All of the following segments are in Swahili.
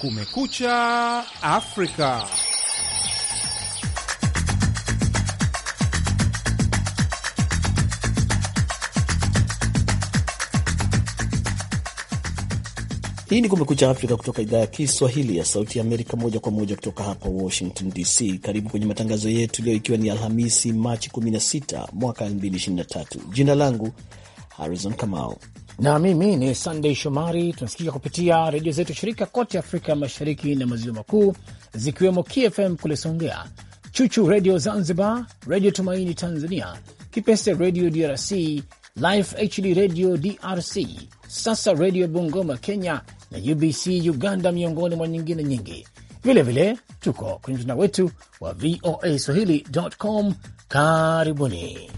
Kumekucha Afrika. Hii ni Kumekucha Afrika kutoka idhaa ya Kiswahili ya Sauti ya Amerika, moja kwa moja kutoka hapa Washington DC. Karibu kwenye matangazo yetu leo, ikiwa ni Alhamisi Machi 16 mwaka 2023. Jina langu Harrison Kamau na mimi ni sandey Shomari. Tunasikika kupitia redio zetu shirika kote Afrika Mashariki na Maziwa Makuu, zikiwemo KFM kule Songea, Chuchu Redio Zanzibar, Redio Tumaini Tanzania, Kipese Redio DRC, Life HD Redio DRC, Sasa Redio Bungoma Kenya na UBC Uganda, miongoni mwa nyingine nyingi. Vilevile vile, tuko kwenye mtandao wetu wa VOA swahili.com. Karibuni.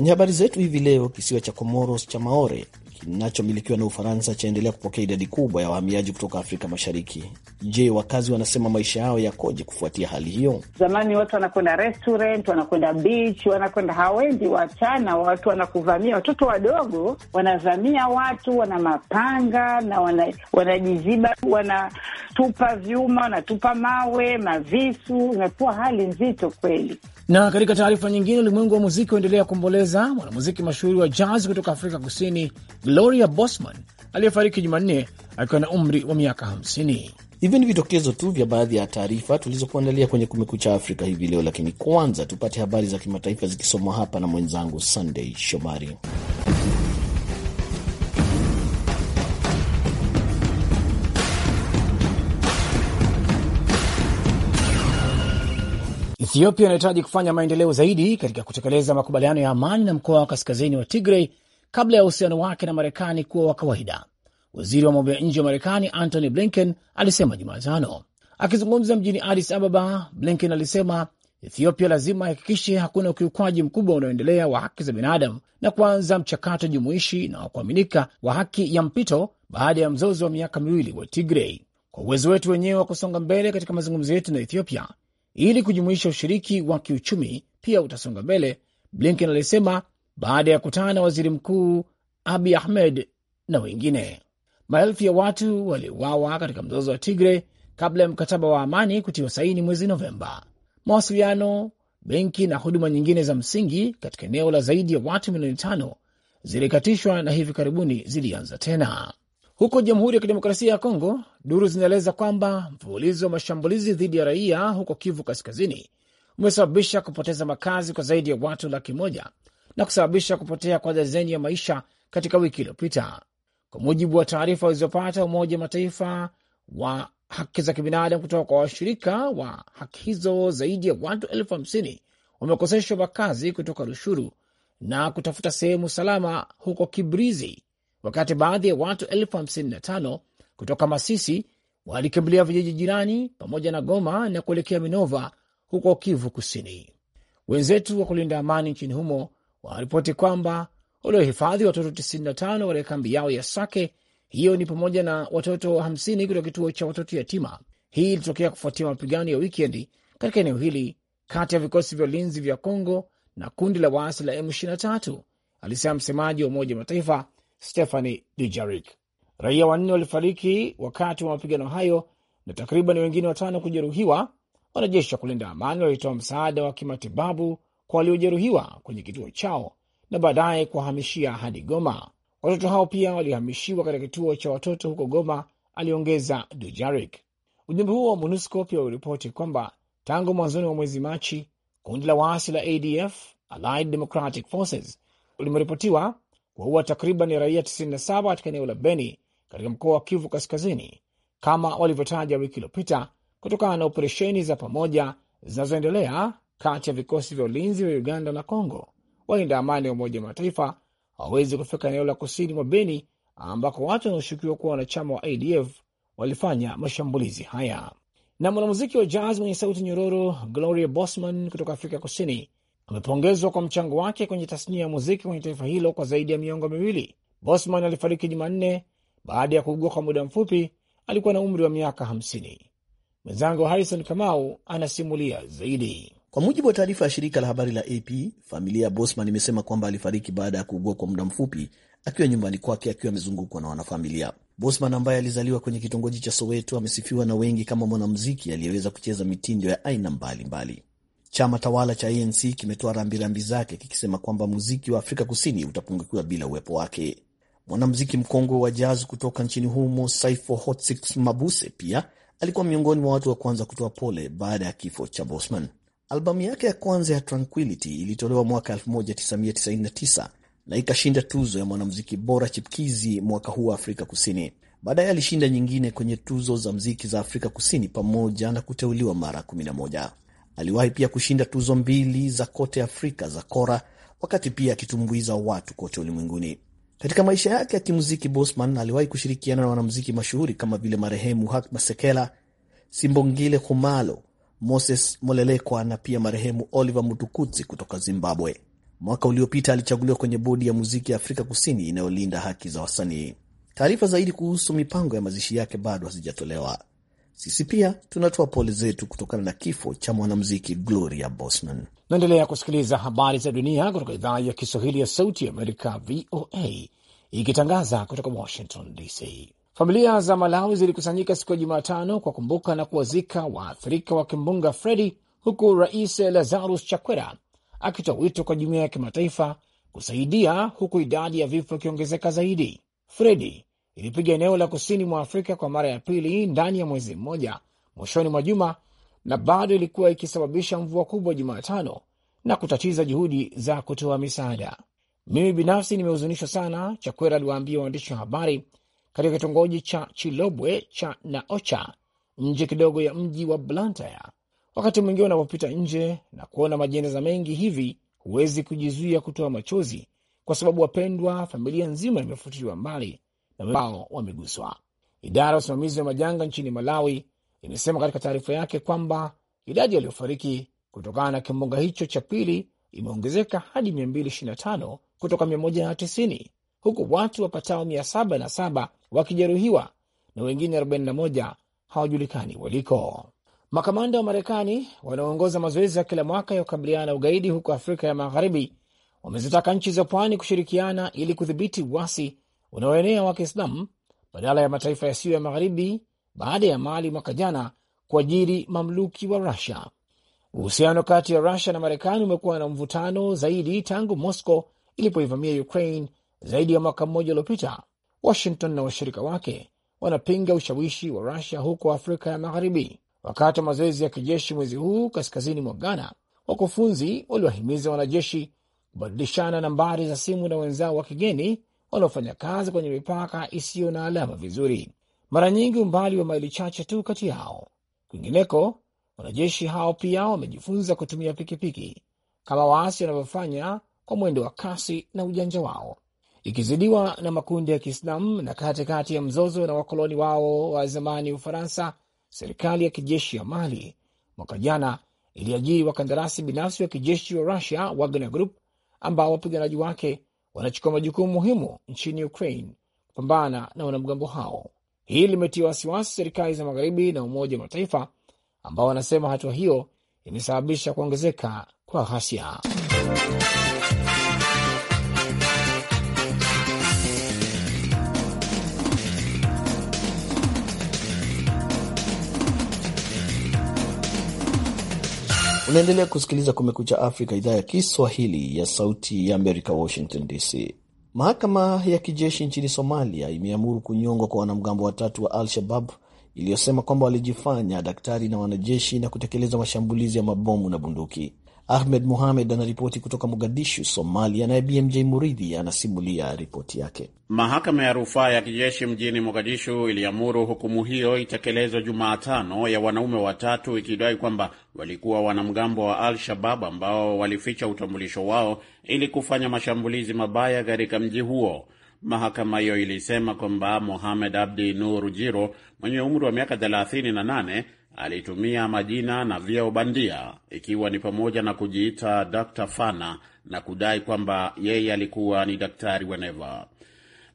Kwenye habari zetu hivi leo, kisiwa cha Comoros cha Maore kinachomilikiwa na Ufaransa chaendelea kupokea idadi kubwa ya wahamiaji kutoka Afrika Mashariki. Je, wakazi wanasema maisha yao yakoje kufuatia hali hiyo? Zamani watu wanakwenda restaurant, wanakwenda beach, wanakwenda hawendi, wachana watu wanakuvamia, watoto wadogo wanavamia watu, wana mapanga na wana, wanajiziba, wanatupa vyuma, wanatupa mawe, mavisu. Imekuwa hali nzito kweli. Na katika taarifa nyingine, ulimwengu wa muziki waendelea kuomboleza mwanamuziki mashuhuri wa jazz kutoka Afrika Kusini, Gloria Bosman aliyefariki Jumanne akiwa na umri wa miaka 50. Hivyo ni vitokezo tu vya baadhi ya taarifa tulizokuandalia kwenye Kumekucha Afrika hivi leo, lakini kwanza tupate habari za kimataifa zikisomwa hapa na mwenzangu sandey Shomari. Ethiopia inahitaji kufanya maendeleo zaidi katika kutekeleza makubaliano ya amani na mkoa wa kaskazini wa Tigray kabla ya uhusiano wake na Marekani kuwa wa kawaida, waziri wa mambo ya nje wa Marekani Antony Blinken alisema Jumatano. Akizungumza mjini Addis Ababa, Blinken alisema Ethiopia lazima ihakikishe hakuna ukiukwaji mkubwa unaoendelea wa haki za binadamu na kuanza mchakato jumuishi na wa kuaminika wa haki ya mpito baada ya mzozo wa miaka miwili wa tigrei Kwa uwezo wetu wenyewe wa kusonga mbele katika mazungumzo yetu na Ethiopia, ili kujumuisha ushiriki wa kiuchumi pia utasonga mbele, Blinken alisema baada ya kutana na waziri mkuu Abi Ahmed na wengine. Maelfu ya watu waliuawa katika mzozo wa Tigre kabla ya mkataba wa amani kutiwa saini mwezi Novemba. Mawasiliano, benki na huduma nyingine za msingi katika eneo la zaidi ya watu milioni tano zilikatishwa na hivi karibuni zilianza tena. Huko Jamhuri ya Kidemokrasia ya Kongo, duru zinaeleza kwamba mfululizo wa mashambulizi dhidi ya raia huko Kivu Kaskazini umesababisha kupoteza makazi kwa zaidi ya watu laki moja na kusababisha kupotea kwa dazeni ya maisha katika wiki iliyopita, kwa mujibu wa taarifa walizopata Umoja wa Mataifa wa haki za kibinadamu kutoka kwa washirika wa haki hizo. Zaidi ya watu elfu hamsini wamekoseshwa makazi kutoka Rushuru na kutafuta sehemu salama huko Kibrizi wakati baadhi ya watu elfu hamsini na tano kutoka Masisi walikimbilia vijiji jirani pamoja na Goma na kuelekea Minova huko Kivu Kusini. Wenzetu wa kulinda amani nchini humo waripoti kwamba waliohifadhi watoto 95 katika kambi yao ya Sake. Hiyo ni pamoja na watoto 50 kutoka kituo cha watoto yatima. Hii ilitokea kufuatia mapigano ya wikendi katika eneo hili kati ya vikosi vya ulinzi vya congo na kundi la waasi la M23, alisema msemaji wa Umoja wa Mataifa Stephanie Dujarik. Raia wanne walifariki wakati wa mapigano hayo na takriban wengine watano kujeruhiwa. Wanajeshi wa kulinda amani walitoa msaada wa kimatibabu kwa waliojeruhiwa kwenye kituo chao na baadaye kuwahamishia hadi Goma. Watoto hao pia walihamishiwa katika kituo cha watoto huko Goma, aliongeza Dujarik. Ujumbe huo wa MONUSCO pia uliripoti kwamba tangu mwanzoni mwa mwezi Machi, kundi la waasi la ADF, Allied Democratic Forces, limeripotiwa kuwaua takriban raia 97 katika eneo la Beni katika mkoa wa Kivu Kaskazini, kama walivyotaja wiki iliyopita, kutokana na operesheni za pamoja zinazoendelea kati ya vikosi vya ulinzi vya Uganda na congo Walinda amani wa Umoja wa Mataifa hawawezi kufika eneo la kusini mwa Beni ambako watu wanaoshukiwa kuwa wanachama wa ADF walifanya mashambulizi haya. Na mwanamuziki wa jazz mwenye sauti nyororo Gloria Bosman kutoka Afrika Kusini amepongezwa kwa mchango wake kwenye tasnia ya muziki kwenye taifa hilo kwa zaidi ya miongo miwili. Bosman alifariki Jumanne baada ya kuugua kwa muda mfupi. Alikuwa na umri wa miaka 50. Mwenzangu Harrison Kamau anasimulia zaidi. Kwa mujibu wa taarifa ya shirika la habari la AP, familia ya Bosman imesema kwamba alifariki baada ya kuugua kwa muda mfupi akiwa nyumbani kwake akiwa amezungukwa na wanafamilia. Bosman ambaye alizaliwa kwenye kitongoji cha Soweto amesifiwa na wengi kama mwanamuziki aliyeweza kucheza mitindo ya aina mbalimbali. Chama tawala cha ANC kimetoa rambirambi zake kikisema kwamba muziki wa Afrika Kusini utapungukiwa bila uwepo wake. Mwanamuziki mkongwe wa jazz kutoka nchini humo Saifo Hotsix Mabuse pia alikuwa miongoni mwa watu wa kwanza kutoa pole baada ya kifo cha Bosman. Albamu yake ya kwanza ya Tranquility ilitolewa mwaka 1999 na ikashinda tuzo ya mwanamuziki bora chipkizi mwaka huu wa Afrika Kusini. Baadaye alishinda nyingine kwenye tuzo za mziki za Afrika Kusini pamoja na kuteuliwa mara 11. Aliwahi pia kushinda tuzo mbili za kote Afrika za Kora, wakati pia akitumbuiza watu kote ulimwenguni. Katika maisha yake ya kimuziki, Bosman aliwahi kushirikiana na wanamuziki mashuhuri kama vile marehemu Hak Masekela, Simbongile Khumalo, Moses Molelekwa na pia marehemu Oliver Mutukudzi kutoka Zimbabwe. Mwaka uliopita alichaguliwa kwenye bodi ya muziki ya Afrika Kusini inayolinda haki za wasanii. Taarifa zaidi kuhusu mipango ya mazishi yake bado hazijatolewa. Sisi pia tunatoa pole zetu kutokana na kifo cha mwanamuziki Gloria Bosman. Naendelea kusikiliza habari za dunia kutoka idhaa ya Kiswahili ya Sauti ya Amerika, VOA, ikitangaza kutoka Washington DC. Familia za Malawi zilikusanyika siku ya Jumatano kwa kumbuka na kuwazika waathirika wa kimbunga Fredi, huku Rais Lazarus Chakwera akitoa wito kwa jumuiya ya kimataifa kusaidia, huku idadi ya vifo ikiongezeka zaidi. Fredi ilipiga eneo la kusini mwa Afrika kwa mara ya pili ndani ya mwezi mmoja mwishoni mwa juma na bado ilikuwa ikisababisha mvua kubwa Jumatano na kutatiza juhudi za kutoa misaada. Mimi binafsi nimehuzunishwa sana, Chakwera aliwaambia waandishi wa habari katika kitongoji cha Chilobwe cha Naocha nje kidogo ya mji wa Blantyre. Wakati mwingine unapopita nje na kuona majeneza mengi hivi, huwezi kujizuia kutoa machozi, kwa sababu wapendwa, familia nzima imefutiliwa mbali ambao wameguswa. Idara ya usimamizi wa majanga nchini Malawi imesema katika taarifa yake kwamba idadi yaliyofariki kutokana na kimbunga hicho cha pili imeongezeka hadi 225 kutoka 190 huku watu wapatao 707 wakijeruhiwa na wengine 41 hawajulikani waliko. Makamanda wa Marekani wanaoongoza mazoezi ya kila mwaka ya kukabiliana na ugaidi huko Afrika ya Magharibi wamezitaka nchi za pwani kushirikiana ili kudhibiti uasi unaoenea wa Kiislamu badala ya mataifa yasiyo ya magharibi baada ya Mali mwaka jana kuajiri mamluki wa Rusia. Uhusiano kati ya Rusia na Marekani umekuwa na mvutano zaidi tangu Moscow ilipoivamia Ukraine zaidi ya mwaka mmoja uliopita. Washington na washirika wake wanapinga ushawishi wa Rusia huko Afrika ya Magharibi. Wakati wa mazoezi ya kijeshi mwezi huu kaskazini mwa Ghana, wakufunzi waliwahimiza wanajeshi kubadilishana nambari za simu na wenzao wa kigeni wanaofanya kazi kwenye mipaka isiyo na alama vizuri, mara nyingi umbali wa maili chache tu kati yao. Kwingineko, wanajeshi hao pia wamejifunza kutumia pikipiki kama waasi wanavyofanya kwa mwendo wa kasi na ujanja wao, ikizidiwa na makundi ya Kiislamu. Na katikati ya mzozo na wakoloni wao wa zamani Ufaransa, serikali ya kijeshi ya Mali mwaka jana iliajiri wakandarasi binafsi wa kijeshi wa Rusia Wagner Group ambao wapiganaji wake wanachukua majukumu muhimu nchini Ukraine kupambana na wanamgambo hao. Hii limetia wasiwasi serikali za magharibi na Umoja wa Mataifa ambao wanasema hatua hiyo imesababisha kuongezeka kwa ghasia. Unaendelea kusikiliza Kumekucha Afrika, idhaa ya Kiswahili ya Sauti ya Amerika, Washington DC. Mahakama ya kijeshi nchini Somalia imeamuru kunyongwa kwa wanamgambo watatu wa Al-Shabab iliyosema kwamba walijifanya daktari na wanajeshi na kutekeleza mashambulizi ya mabomu na bunduki. Ahmed Mohamed anaripoti kutoka Mogadishu, Somalia, naye BMJ Muridhi anasimulia ripoti yake. Mahakama ya rufaa ya kijeshi mjini Mogadishu iliamuru hukumu hiyo itekelezwe Jumatano ya wanaume watatu, ikidai kwamba walikuwa wanamgambo wa Al-Shabab ambao walificha utambulisho wao ili kufanya mashambulizi mabaya katika mji huo. Mahakama hiyo ilisema kwamba Mohamed Abdi Nur Jiro mwenye umri wa miaka 38 alitumia majina na vyeo bandia, ikiwa ni pamoja na kujiita Dr Fana na kudai kwamba yeye alikuwa ni daktari wa neva.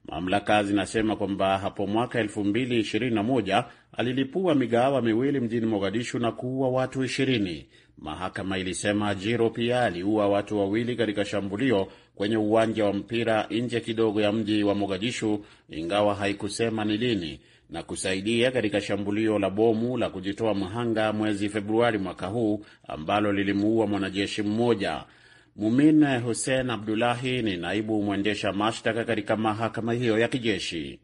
Mamlaka zinasema kwamba hapo mwaka 2021 alilipua migahawa miwili mjini Mogadishu na kuua watu 20. Mahakama ilisema Jiro pia aliua watu wawili katika shambulio kwenye uwanja wa mpira nje kidogo ya mji wa Mogadishu, ingawa haikusema ni lini na kusaidia katika shambulio la bomu la kujitoa mhanga mwezi Februari mwaka huu ambalo lilimuua mwanajeshi mmoja. Mumin Hussein Abdulahi ni naibu mwendesha mashtaka katika mahakama hiyo ya kijeshi.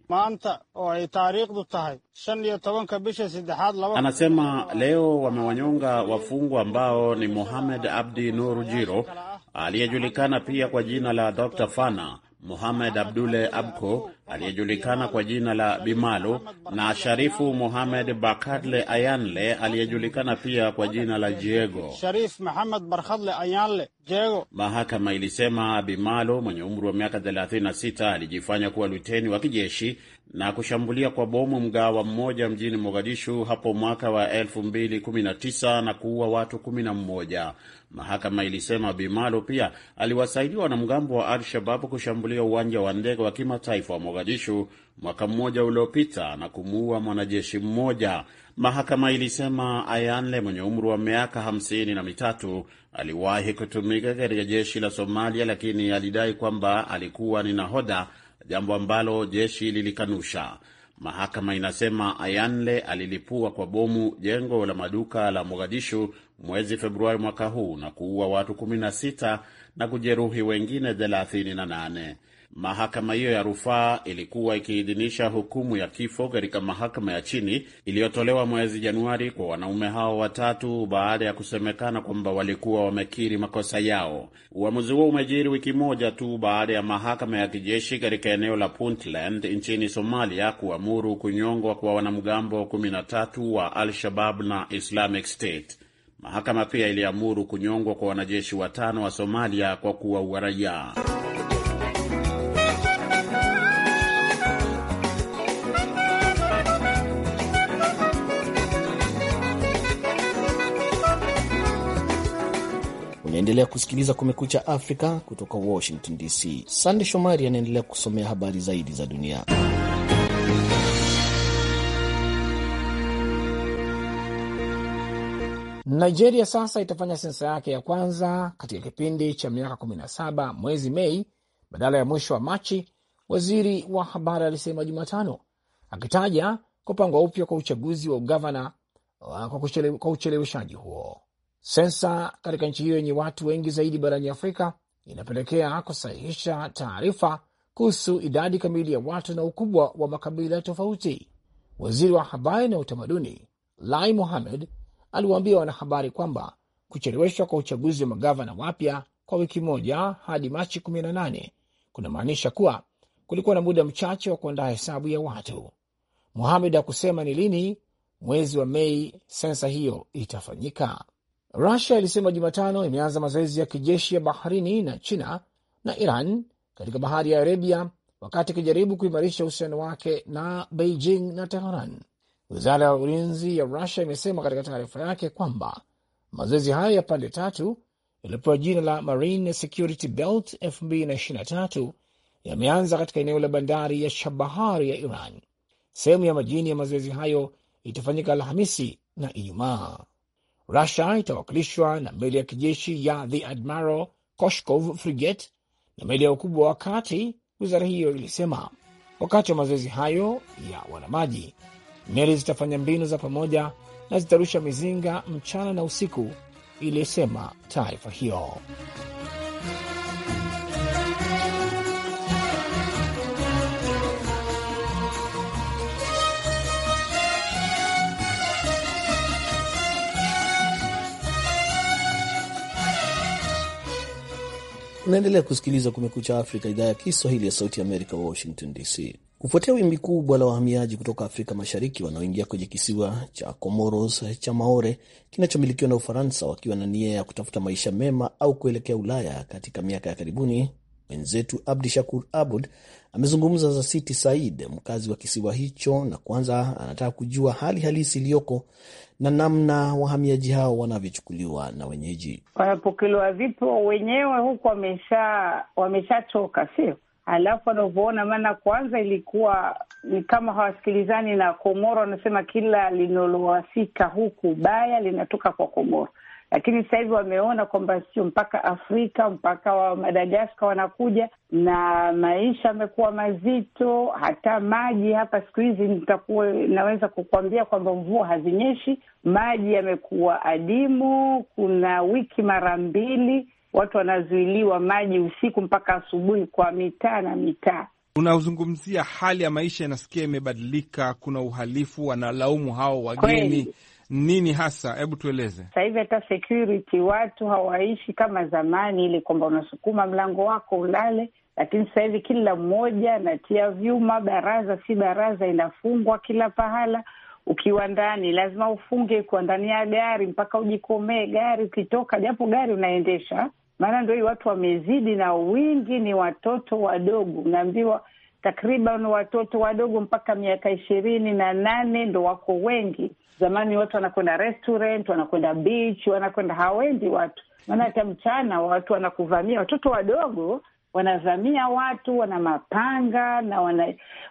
Anasema leo wamewanyonga wafungwa ambao ni Mohamed Abdi Nur Jiro aliyejulikana pia kwa jina la Dr Fana muhamed Abdule Abko aliyejulikana kwa jina la Bimalo na Sharifu Mohamed Barkadle Ayanle aliyejulikana pia kwa jina la Diego. Sharif Barkadle Ayanle Diego. Mahakama ilisema Bimalo mwenye umri wa miaka 36 alijifanya kuwa luteni wa kijeshi na kushambulia kwa bomu mgawa mmoja mjini Mogadishu hapo mwaka wa 2019 na kuua watu 11. Mahakama ilisema Bimalo pia aliwasaidia wanamgambo wa Al-Shababu kushambulia uwanja wa ndege wa kimataifa wa Mogadishu mwaka mmoja uliopita na kumuua mwanajeshi mmoja. Mahakama ilisema Ayanle mwenye umri wa miaka hamsini na mitatu aliwahi kutumika katika jeshi la Somalia, lakini alidai kwamba alikuwa ni nahoda jambo ambalo jeshi lilikanusha. Mahakama inasema Ayanle alilipua kwa bomu jengo la maduka la Mogadishu mwezi Februari mwaka huu na kuua watu 16 na kujeruhi wengine 38. Mahakama hiyo ya rufaa ilikuwa ikiidhinisha hukumu ya kifo katika mahakama ya chini iliyotolewa mwezi Januari kwa wanaume hao watatu baada ya kusemekana kwamba walikuwa wamekiri makosa yao. Uamuzi huo umejiri wiki moja tu baada ya mahakama ya kijeshi katika eneo la Puntland nchini Somalia kuamuru kunyongwa kwa wanamgambo 13 wa Al-Shabab na Islamic State. Mahakama pia iliamuru kunyongwa kwa wanajeshi watano wa Somalia kwa kuwaua raia. Unaendelea kusikiliza Kumekucha Afrika kutoka Washington DC. Sande Shomari anaendelea kusomea habari zaidi za dunia. Nigeria sasa itafanya sensa yake ya kwanza katika kipindi cha miaka 17 mwezi Mei badala ya mwisho wa Machi, waziri wa habari alisema Jumatano, akitaja kupangwa upya kwa uchaguzi wa ugavana uh, kwa ucheleweshaji huo. Sensa katika nchi hiyo yenye watu wengi zaidi barani Afrika inapelekea kusahihisha taarifa kuhusu idadi kamili ya watu na ukubwa wa makabila tofauti. Waziri wa habari na utamaduni Lai Mohamed aliwaambia wanahabari kwamba kucheleweshwa kwa uchaguzi wa magavana wapya kwa wiki moja hadi Machi 18 kunamaanisha kuwa kulikuwa na muda mchache wa kuandaa hesabu ya watu. Mohamed hakusema ni lini mwezi wa Mei sensa hiyo itafanyika. Rusia ilisema Jumatano imeanza mazoezi ya kijeshi ya baharini na China na Iran katika bahari ya Arabia, wakati ikijaribu kuimarisha uhusiano wake na Beijing na Teheran. Wizara ya ulinzi ya Rusia imesema katika taarifa yake kwamba mazoezi hayo ya pande tatu yaliyopewa jina la Marine Security Belt 2023 yameanza katika eneo la bandari ya Shabahari ya Iran. Sehemu ya majini ya mazoezi hayo itafanyika Alhamisi na Ijumaa. Rusia itawakilishwa na meli ya kijeshi ya The Admiral Koshkov frigate na meli ya ukubwa wa kati, wizara hiyo ilisema. Wakati wa mazoezi hayo ya wanamaji, meli zitafanya mbinu za pamoja na zitarusha mizinga mchana na usiku, ilisema taarifa hiyo. Unaendelea kusikiliza Kumekucha Afrika, idhaa ya Kiswahili ya Sauti Amerika, Washington DC. Kufuatia wimbi kubwa la wahamiaji kutoka Afrika Mashariki wanaoingia kwenye kisiwa cha Comoros cha Maore kinachomilikiwa na Ufaransa wakiwa na nia ya kutafuta maisha mema au kuelekea Ulaya katika miaka ya karibuni, mwenzetu Abdi Shakur Abud amezungumza za Siti Said, mkazi wa kisiwa hicho, na kwanza anataka kujua hali halisi iliyoko na namna wahamiaji hao wanavyochukuliwa na wenyeji. Wanapokelewa vipi wenyewe huku, wamesha wameshatoka, sio? Alafu wanavyoona, maana kwanza ilikuwa ni kama hawasikilizani na Komoro, wanasema kila linalowafika huku baya linatoka kwa Komoro lakini sasa hivi wameona kwamba sio mpaka Afrika, mpaka wa Madagaskar wanakuja na maisha amekuwa mazito. Hata maji hapa siku hizi nitakuwa naweza kukuambia kwamba mvua hazinyeshi, maji yamekuwa adimu. Kuna wiki mara mbili watu wanazuiliwa maji usiku mpaka asubuhi kwa mitaa na mitaa. unazungumzia hali ya maisha, inasikia imebadilika, kuna uhalifu, wanalaumu hao wageni nini hasa? Hebu tueleze. Sasa hivi hata security, watu hawaishi kama zamani, ili kwamba unasukuma mlango wako ulale, lakini sasa hivi kila mmoja anatia vyuma, baraza si baraza, inafungwa kila pahala. Ukiwa ndani lazima ufunge, ukiwa ndani ya gari mpaka ujikomee gari, ukitoka japo gari unaendesha. Maana ndio hii watu wamezidi, na wingi ni watoto wadogo, unaambiwa takriban watoto wadogo mpaka miaka ishirini na nane ndo wako wengi. Zamani watu wanakwenda restaurant, wanakwenda beach, wanakwenda hawendi watu, maana hata mchana watu wanakuvamia. Watoto wadogo wanavamia watu, wana mapanga na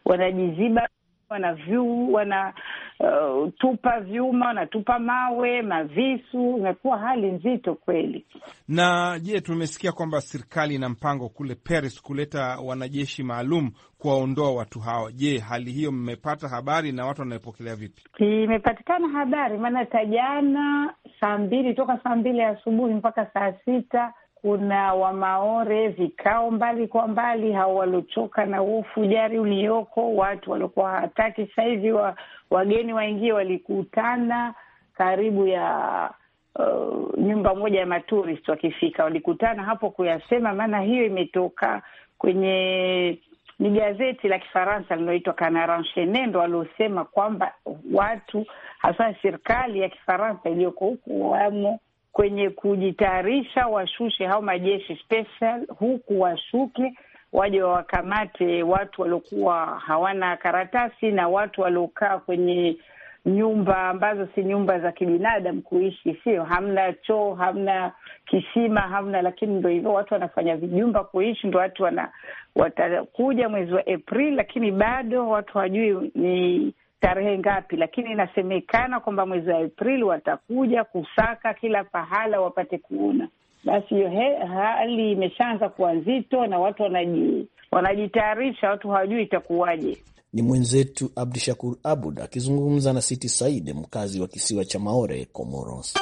wanajiziba wana vyu wanatupa uh, vyuma wanatupa mawe, mavisu. Imekuwa hali nzito kweli. Na je, tumesikia kwamba serikali ina mpango kule Paris kuleta wanajeshi maalum kuwaondoa watu hawa Je, hali hiyo mmepata habari na watu wanaepokelea vipi? Imepatikana habari, maana tajana saa mbili toka saa mbili asubuhi mpaka saa sita kuna Wamaore vikao mbali kwa mbali, hao waliochoka na huu fujari ulioko, watu waliokuwa hawataki sasa hivi wa, wageni waingie, walikutana karibu ya uh, nyumba moja ya maturist. Wakifika walikutana hapo kuyasema, maana hiyo imetoka kwenye ni gazeti la Kifaransa linaloitwa kanaranchene Enchaine, ndo waliosema kwamba watu hasa serikali ya Kifaransa iliyoko huku wamo kwenye kujitayarisha, washushe hao majeshi special huku washuke waje wawakamate watu waliokuwa hawana karatasi na watu waliokaa kwenye nyumba ambazo si nyumba za kibinadamu kuishi, sio hamna choo, hamna kisima, hamna lakini ndo hivyo watu wanafanya vijumba kuishi, ndo watu wana watakuja mwezi wa Aprili, lakini bado watu hawajui ni tarehe ngapi, lakini inasemekana kwamba mwezi wa Aprili watakuja kusaka kila pahala wapate kuona. Basi hiyo hali imeshaanza kuwa nzito na watu wanaji wanajitayarisha, watu hawajui itakuwaje. Ni mwenzetu Abdu Shakur Abud akizungumza na Siti Said, mkazi wa kisiwa cha Maore, Comoros.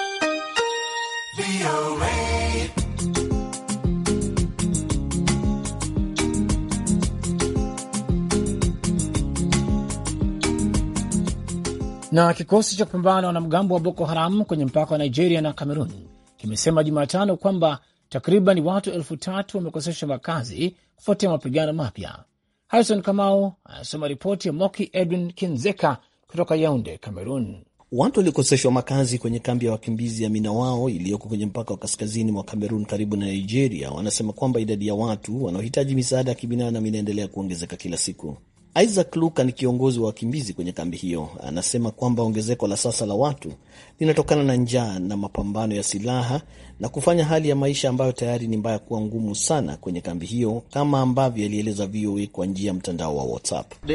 Na kikosi cha kupambana na wanamgambo wa Boko Haram kwenye mpaka wa Nigeria na Cameroon kimesema Jumatano kwamba takriban watu elfu tatu wamekosesha makazi kufuatia mapigano mapya. Harison Kamau anasoma ripoti ya Moki Edwin Kinzeka kutoka Yaunde, Cameroon. Watu waliokoseshwa makazi kwenye kambi ya wakimbizi ya Minawao iliyoko kwenye mpaka wa kaskazini mwa Kamerun karibu na Nigeria wanasema kwamba idadi ya watu wanaohitaji misaada ya kibinadamu inaendelea kuongezeka kila siku. Isaac Luka ni kiongozi wa wakimbizi kwenye kambi hiyo. Anasema kwamba ongezeko la sasa la watu linatokana na njaa na mapambano ya silaha na kufanya hali ya maisha ambayo tayari ni mbaya kuwa ngumu sana kwenye kambi hiyo, kama ambavyo alieleza VOA kwa njia ya mtandao wa WhatsApp. Uh,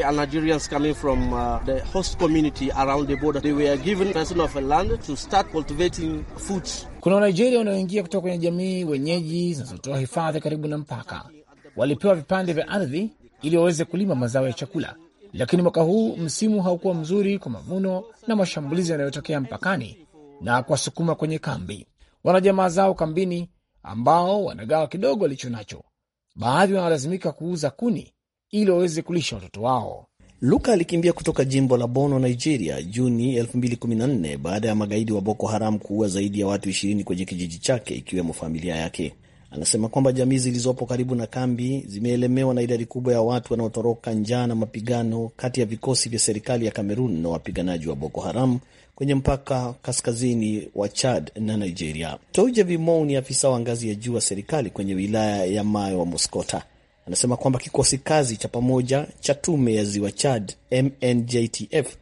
Kuna Wanigeria wanaoingia kutoka kwenye jamii wenyeji zinazotoa hifadhi karibu na mpaka, walipewa vipande vya ardhi ili waweze kulima mazao ya chakula, lakini mwaka huu msimu haukuwa mzuri kwa mavuno na mashambulizi yanayotokea mpakani na kuwasukuma kwenye kambi. jamaa zao kambini, ambao wanagawa kidogo walicho nacho, baadhi wanalazimika kuuza kuni ili waweze kulisha watoto wao. Luka alikimbia kutoka jimbo la Bono, Nigeria, Juni 2014 baada ya magaidi wa Boko Haram kuua zaidi ya watu 20 kwenye kijiji chake ikiwemo familia yake. Anasema kwamba jamii zilizopo karibu na kambi zimeelemewa na idadi kubwa ya watu wanaotoroka njaa na mapigano kati ya vikosi vya serikali ya Kamerun na wapiganaji wa Boko Haram kwenye mpaka kaskazini wa Chad na Nigeria. Touje Vimou ni afisa wa ngazi ya juu wa serikali kwenye wilaya ya Mayo wa Muskota. Anasema kwamba kikosi kazi cha pamoja cha tume ya ziwa Chad MNJTF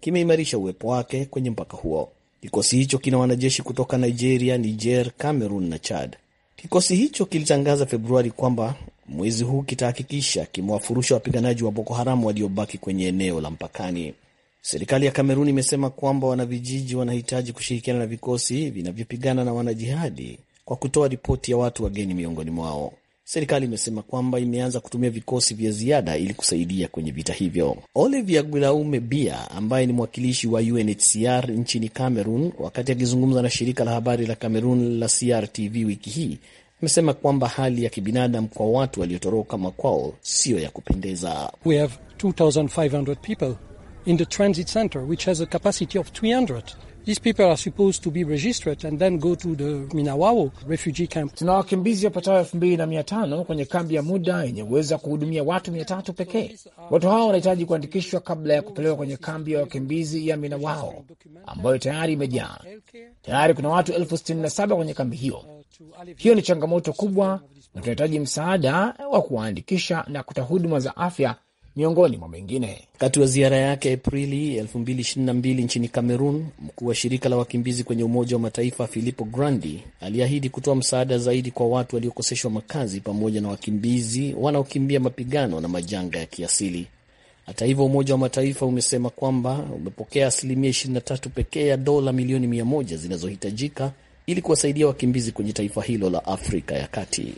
kimeimarisha uwepo wake kwenye mpaka huo. Kikosi hicho kina wanajeshi kutoka Nigeria, Niger, Cameroon na Chad. Kikosi hicho kilitangaza Februari kwamba mwezi huu kitahakikisha kimewafurusha wapiganaji wa Boko Haram waliobaki kwenye eneo la mpakani. Serikali ya Kamerun imesema kwamba wanavijiji wanahitaji kushirikiana na vikosi vinavyopigana na wanajihadi kwa kutoa ripoti ya watu wageni miongoni mwao. Serikali imesema kwamba imeanza kutumia vikosi vya ziada ili kusaidia kwenye vita hivyo. Olivia gulaume Bia ambaye ni mwakilishi wa UNHCR nchini Cameroon, wakati akizungumza na shirika la habari la Cameroon la CRTV wiki hii, amesema kwamba hali ya kibinadamu kwa watu waliotoroka makwao siyo ya kupendeza. We have 2500 people in the transit center which has a capacity of 300 These people are supposed to be registered and then go to the Minawao refugee camp. Tuna wakimbizi wapatao elfu mbili na mia tano kwenye kambi ya muda yenye uwezo wa kuhudumia watu mia tatu pekee. Watu hao wanahitaji kuandikishwa kabla ya kupelekwa kwenye kambi ya wakimbizi ya Minawao ambayo tayari imejaa. Tayari kuna watu elfu sitini na saba kwenye kambi hiyo. Hiyo ni changamoto kubwa, na tunahitaji msaada wa kuwaandikisha na kuta huduma za afya miongoni mwa mengine. Wakati wa ziara yake Aprili 2022 nchini Cameroon, mkuu wa shirika la wakimbizi kwenye Umoja wa Mataifa Filippo Grandi aliahidi kutoa msaada zaidi kwa watu waliokoseshwa makazi pamoja na wakimbizi wanaokimbia mapigano na majanga ya kiasili. Hata hivyo, Umoja wa Mataifa umesema kwamba umepokea asilimia 23 pekee ya dola milioni 100 zinazohitajika ili kuwasaidia wakimbizi kwenye taifa hilo la Afrika ya Kati.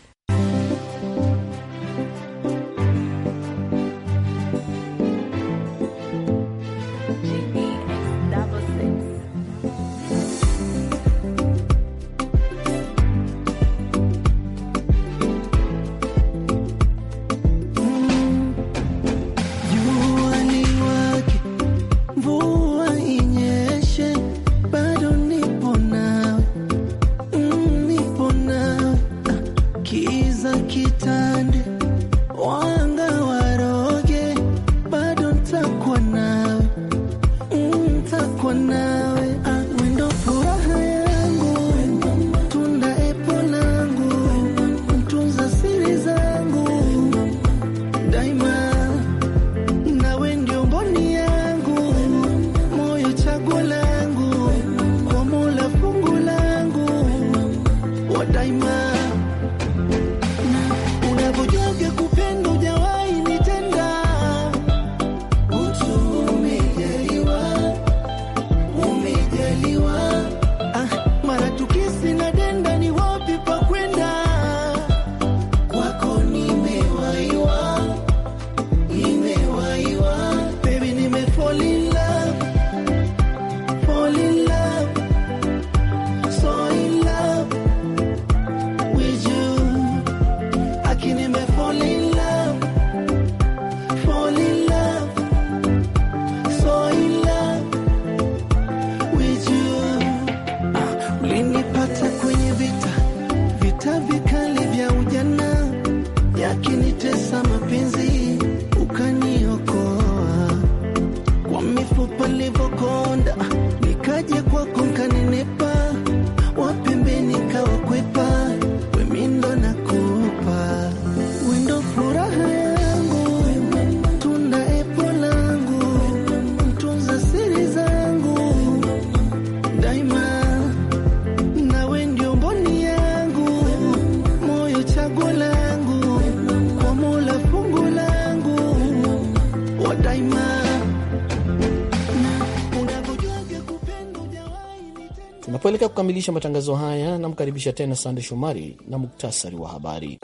kukamilisha matangazo haya, namkaribisha tena Sande Shomari na muktasari wa habari.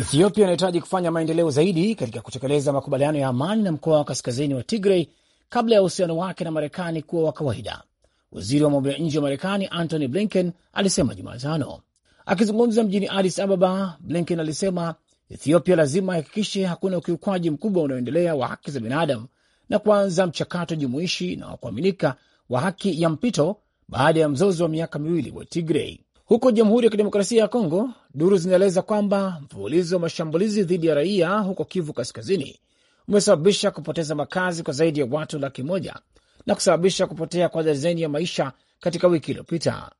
Ethiopia inahitaji kufanya maendeleo zaidi katika kutekeleza makubaliano ya amani na mkoa wa kaskazini wa Tigray kabla ya uhusiano wake na Marekani kuwa wa kawaida. Waziri wa mambo ya nje wa Marekani Antony Blinken alisema Jumatano akizungumza mjini Addis Ababa. Blinken alisema Ethiopia lazima ihakikishe hakuna ukiukwaji mkubwa unaoendelea wa haki za binadamu na kuanza mchakato jumuishi na wa kuaminika wa haki ya mpito baada ya mzozo wa miaka miwili wa Tigrei. Huko Jamhuri ya Kidemokrasia ya Kongo, duru zinaeleza kwamba mfululizo wa mashambulizi dhidi ya raia huko Kivu Kaskazini umesababisha kupoteza makazi kwa zaidi ya watu laki moja na kusababisha kupotea kwa darzeni ya maisha katika wiki iliyopita,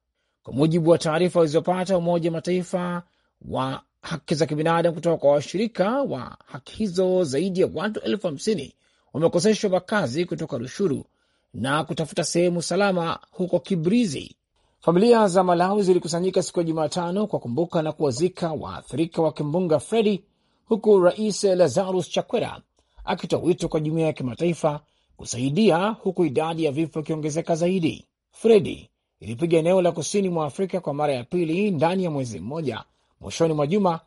kwa mujibu wa taarifa walizopata Umoja wa Mataifa wa haki za kibinadamu kutoka kwa washirika wa haki hizo. Zaidi ya watu elfu hamsini wamekoseshwa makazi kutoka Rushuru na kutafuta sehemu salama huko Kibrizi. Familia za Malawi zilikusanyika siku ya Jumatano kwa kumbuka na kuwazika waathirika wa kimbunga Fredi, huku Rais Lazarus Chakwera akitoa wito kwa jumuiya ya kimataifa kusaidia, huku idadi ya vifo ikiongezeka zaidi. Fredi ilipiga eneo la kusini mwa Afrika kwa mara ya pili ndani ya mwezi mmoja mwishoni mwa juma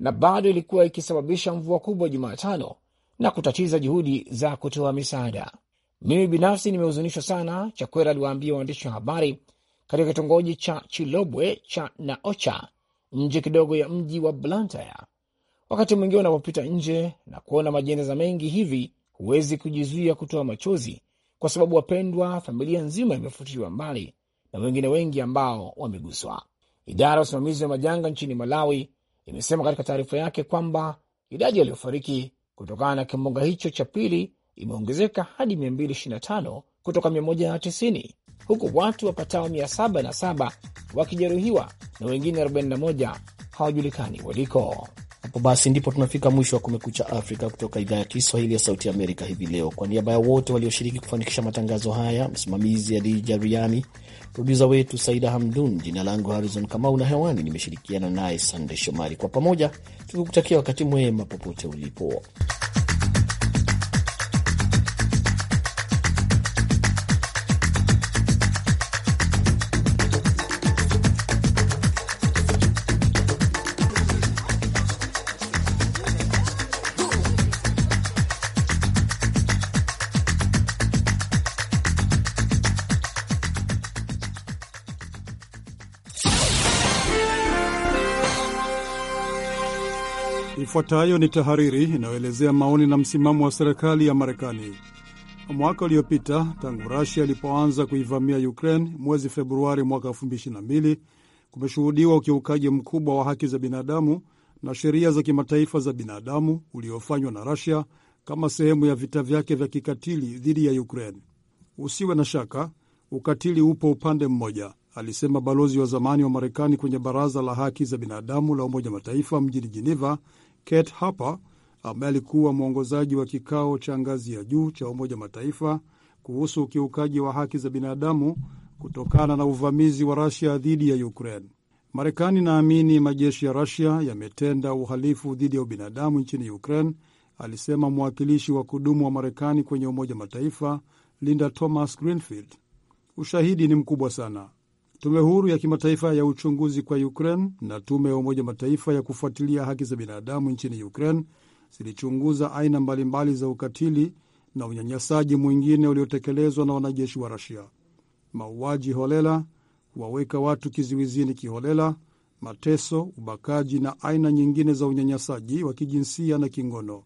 na bado ilikuwa ikisababisha mvua kubwa Jumatano na kutatiza juhudi za kutoa misaada. Mimi binafsi nimehuzunishwa sana, Chakwera aliwaambia waandishi wa habari katika kitongoji cha Chilobwe cha Naocha, nje kidogo ya mji wa Blantyre. Wakati mwingine unapopita nje na kuona majeneza mengi hivi, huwezi kujizuia kutoa machozi, kwa sababu wapendwa, familia nzima imefutiwa mbali na wengine wengi ambao wameguswa. Idara ya usimamizi wa majanga nchini Malawi imesema katika taarifa yake kwamba idadi yaliyofariki kutokana na kimbunga hicho cha pili imeongezeka hadi 225 kutoka 190 huku watu wapatao 707 wakijeruhiwa na wengine 41 hawajulikani waliko. Hapo basi ndipo tunafika mwisho wa Kumekucha Afrika kutoka idhaa ya Kiswahili ya Sauti Amerika hivi leo. Kwa niaba ya wote walioshiriki kufanikisha matangazo haya, msimamizi Adija Riami, produsa wetu Saida Hamdun, jina langu Harizon Kamau na hewani nimeshirikiana naye sandey Shomari. Kwa pamoja tukikutakia wakati mwema popote ulipo. Ifuatayo ni tahariri inayoelezea maoni na msimamo wa serikali ya Marekani. Mwaka uliopita tangu Rusia ilipoanza kuivamia Ukraine mwezi Februari mwaka 2022 kumeshuhudiwa ukiukaji mkubwa wa haki za binadamu na sheria za kimataifa za binadamu uliofanywa na Rusia kama sehemu ya vita vyake vya kikatili dhidi ya Ukraine. Usiwe na shaka, ukatili upo upande mmoja, alisema balozi wa zamani wa Marekani kwenye Baraza la Haki za Binadamu la Umoja Mataifa mjini Jeneva, Kate Harper ambaye alikuwa mwongozaji wa kikao cha ngazi ya juu cha Umoja Mataifa kuhusu ukiukaji wa haki za binadamu kutokana na uvamizi wa Rusia dhidi ya Ukraine. Marekani inaamini majeshi ya Rusia yametenda uhalifu dhidi ya ubinadamu nchini Ukraine, alisema mwakilishi wa kudumu wa Marekani kwenye Umoja Mataifa Linda Thomas Greenfield. Ushahidi ni mkubwa sana. Tume huru ya kimataifa ya uchunguzi kwa Ukraine na tume ya Umoja Mataifa ya kufuatilia haki za binadamu nchini Ukraine zilichunguza aina mbalimbali za ukatili na unyanyasaji mwingine uliotekelezwa na wanajeshi wa Rasia: mauaji holela, kuwaweka watu kizuizini kiholela, mateso, ubakaji na aina nyingine za unyanyasaji wa kijinsia na kingono.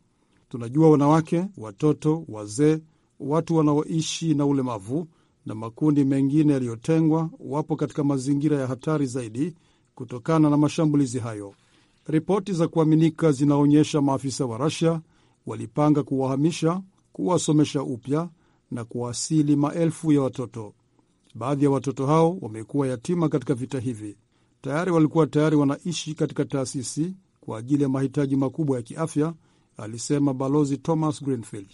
Tunajua wanawake, watoto, wazee, watu wanaoishi na ulemavu na makundi mengine yaliyotengwa wapo katika mazingira ya hatari zaidi kutokana na mashambulizi hayo. Ripoti za kuaminika zinaonyesha maafisa wa rasia walipanga kuwahamisha, kuwasomesha upya na kuwasili maelfu ya watoto. Baadhi ya watoto hao wamekuwa yatima katika vita hivi. Tayari walikuwa tayari wanaishi katika taasisi kwa ajili ya mahitaji makubwa ya kiafya, alisema Balozi Thomas Greenfield.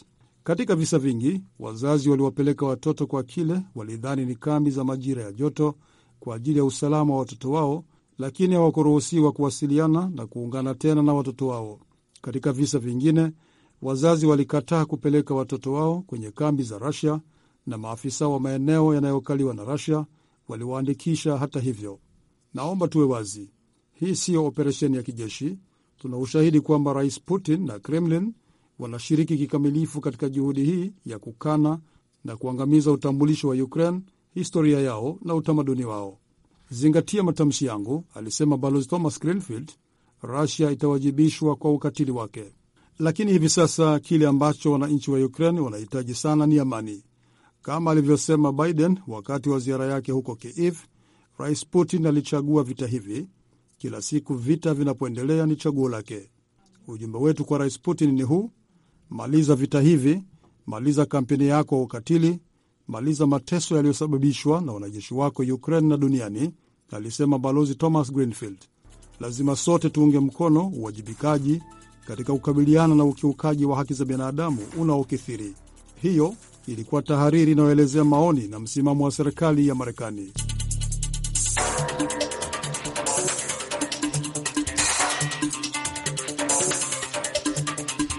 Katika visa vingi, wazazi waliwapeleka watoto kwa kile walidhani ni kambi za majira ya joto kwa ajili ya usalama wa watoto wao, lakini hawakuruhusiwa kuwasiliana na kuungana tena na watoto wao. Katika visa vingine, wazazi walikataa kupeleka watoto wao kwenye kambi za rasia na maafisa wa maeneo yanayokaliwa na Russia waliwaandikisha. Hata hivyo, naomba tuwe wazi, hii siyo operesheni ya kijeshi. Tuna ushahidi kwamba Rais Putin na Kremlin wanashiriki kikamilifu katika juhudi hii ya kukana na kuangamiza utambulisho wa Ukraine, historia yao na utamaduni wao. Zingatia matamshi yangu, alisema Balozi Thomas Greenfield. Rusia itawajibishwa kwa ukatili wake. Lakini hivi sasa kile ambacho wananchi wa Ukraine wanahitaji sana ni amani, kama alivyosema Biden wakati wa ziara yake huko Kiev. Rais Putin alichagua vita hivi. Kila siku vita vinapoendelea ni chaguo lake. Ujumbe wetu kwa Rais Putin ni huu: Maliza vita hivi, maliza kampeni yako wa ukatili, maliza mateso yaliyosababishwa na wanajeshi wako Ukraine na duniani, alisema Balozi Thomas Greenfield. Lazima sote tuunge mkono uwajibikaji katika kukabiliana na ukiukaji wa haki za binadamu unaokithiri. Hiyo ilikuwa tahariri inayoelezea maoni na msimamo wa serikali ya Marekani.